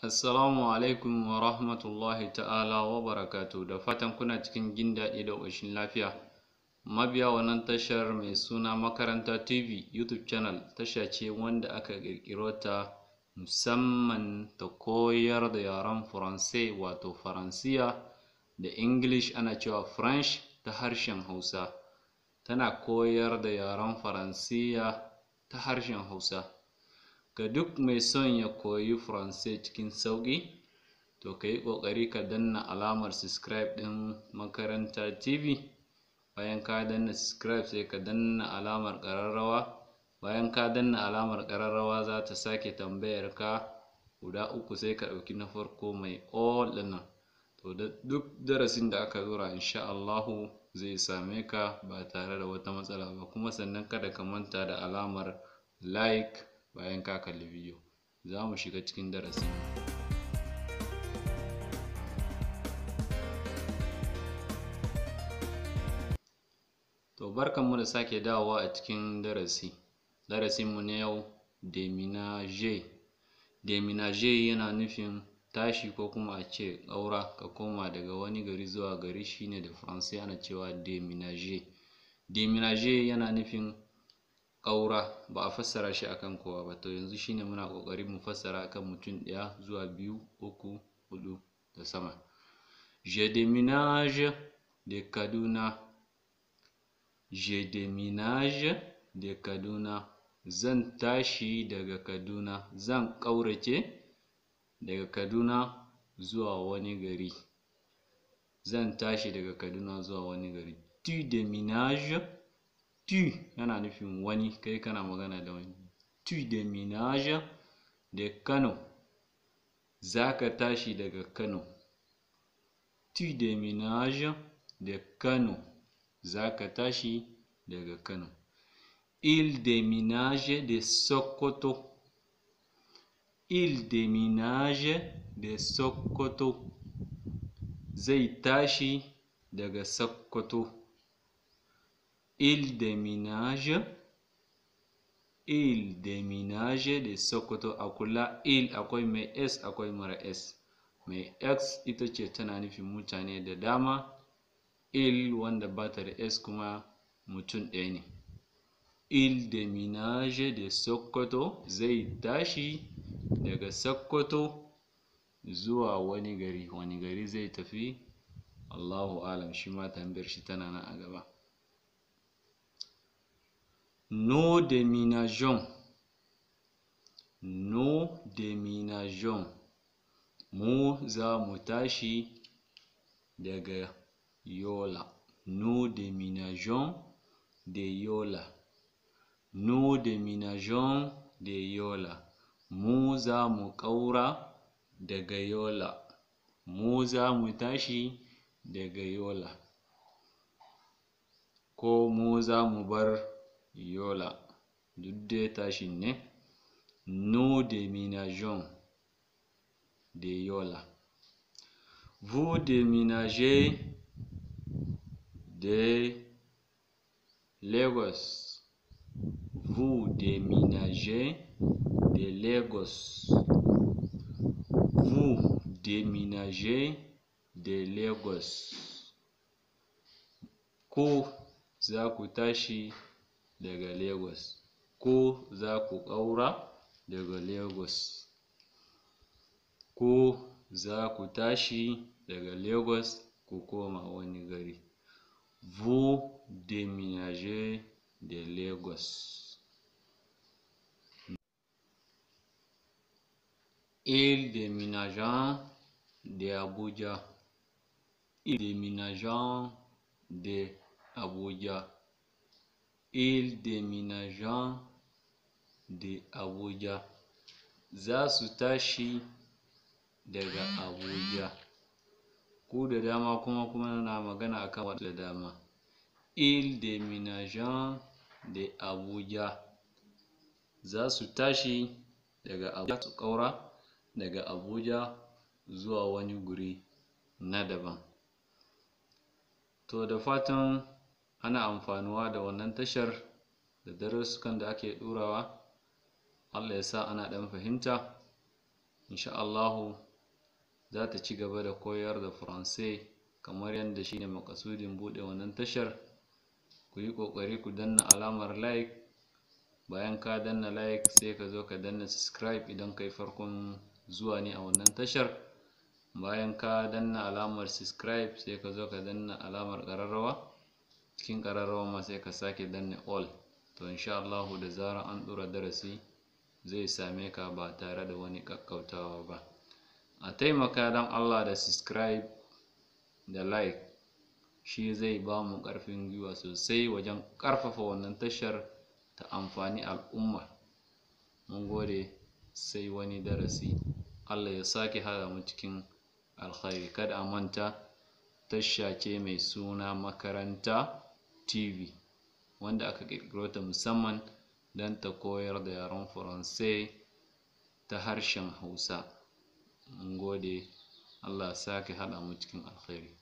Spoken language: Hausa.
Assalamu alaikum wa rahmatullahi ta'ala wa barakatu da fatan kuna cikin jin daɗi da ƙoshin lafiya. Mabiya wannan tashar mai suna Makaranta TV YouTube channel tasha ce wanda aka ƙirƙiro ta musamman ta koyar da yaren Faransai wato Faransiya da English ana cewa French ta harshen Hausa. Tana koyar da yaren Faransiya ta harshen Hausa. ga duk mai son ya koyi faransai cikin sauƙi to ka yi ƙoƙari ka danna alamar subscribe ɗin makaranta tv bayan ka danna subscribe sai ka danna alamar ƙararrawa bayan ka danna alamar ƙararrawa za ta sake tambayar ka guda uku sai ka ɗauki na farko mai all nan to duk darasin da aka zura insha Allahu zai same ka ba tare da wata matsala ba kuma sannan kada ka manta da alamar like bayan ka kalli bidiyo za mu shiga cikin darasi to mu da sake dawowa a cikin darasi darasinmu na yau deminage deminage yana nufin tashi ko kuma a ce ƙaura ka koma daga wani gari zuwa gari shine da faransai ana cewa deminage deminage yana nufin ƙaura ba a fassara shi akan kowa ba to yanzu shine muna ƙoƙarin mu fassara akan mutum ɗaya zuwa biyu uku huɗu da sama je de ménage de kaduna je de ménage de kaduna zan tashi daga kaduna zan ƙaurace daga kaduna zuwa wani gari zan tashi daga kaduna zuwa wani gari tu de ménage tu yana nufin wani kai kana magana da wani tu da minaja da kano za ka tashi daga kano tu da minaja da kano za ka tashi daga kano il de minage de sokoto il de minage de sokoto zai tashi daga sokoto Il déménage. Il déménage de Sokoto a kula il akwai mai S akwai mara S. Mai X ita ce tana nufin mutane da dama. Il wanda bata ta da S kuma mutum ɗaya ne. Il déménage de Sokoto zai tashi daga Sokoto zuwa wani gari. Wani gari zai tafi? Allahu alam shi ma tambayar shi tana nan a gaba. Nous déménageons. Nous déménageons. Mu za mu tashi daga Yola. Nous déménageons de Yola. Nous déménageons de Yola. Mu za mu ƙaura daga Yola. Mu za mu tashi daga Yola. Ko mu za mu bar yola déménageons de yola vous déménagez de Lagos vous déménagez de Lagos vous déménagez de Lagos ko daga Lagos ko za ku ƙaura daga Lagos ko za ku tashi daga Lagos ku koma wani gari vous déménagez de Lagos il déménagea de Abuja il déménagea de Abuja Il déménagea de Abuja. Za su tashi daga Abuja. Ku da dama kuma kuma na magana akan wasu da dama. Il déménagea de Abuja. Za su tashi daga Abuja su ƙaura daga Abuja zuwa wani guri na daban. To da fatan ana amfanuwa da wannan tashar da darussukan da ake ɗurawa Allah ya sa ana ɗan fahimta insha Allahu za ta ci gaba da koyar da faransai kamar yadda shine makasudin buɗe wannan tashar ku yi ƙoƙari ku danna alamar like bayan ka danna like sai ka zo ka danna subscribe idan kai farkon zuwa ne a wannan tashar bayan ka danna alamar subscribe sai ka zo ka danna alamar ƙararrawa cikin ƙararrawa ma sai ka sake danne all to insha Allahu da zarar an ɗora darasi zai same ka ba tare da wani kakkautawa ba a taimaka don Allah da subscribe da like shi zai ba mu ƙarfin gwiwa sosai wajen ƙarfafa wannan tashar ta amfani al'umma mun gode sai wani darasi Allah ya sake haɗa mu cikin alkhairi kada a manta tasha ce mai suna makaranta TV wanda aka ƙirƙiro ta musamman don ta koyar da yaren Faransai ta harshen Hausa. Mun gode, Allah ya sake haɗa mu cikin alkhairi.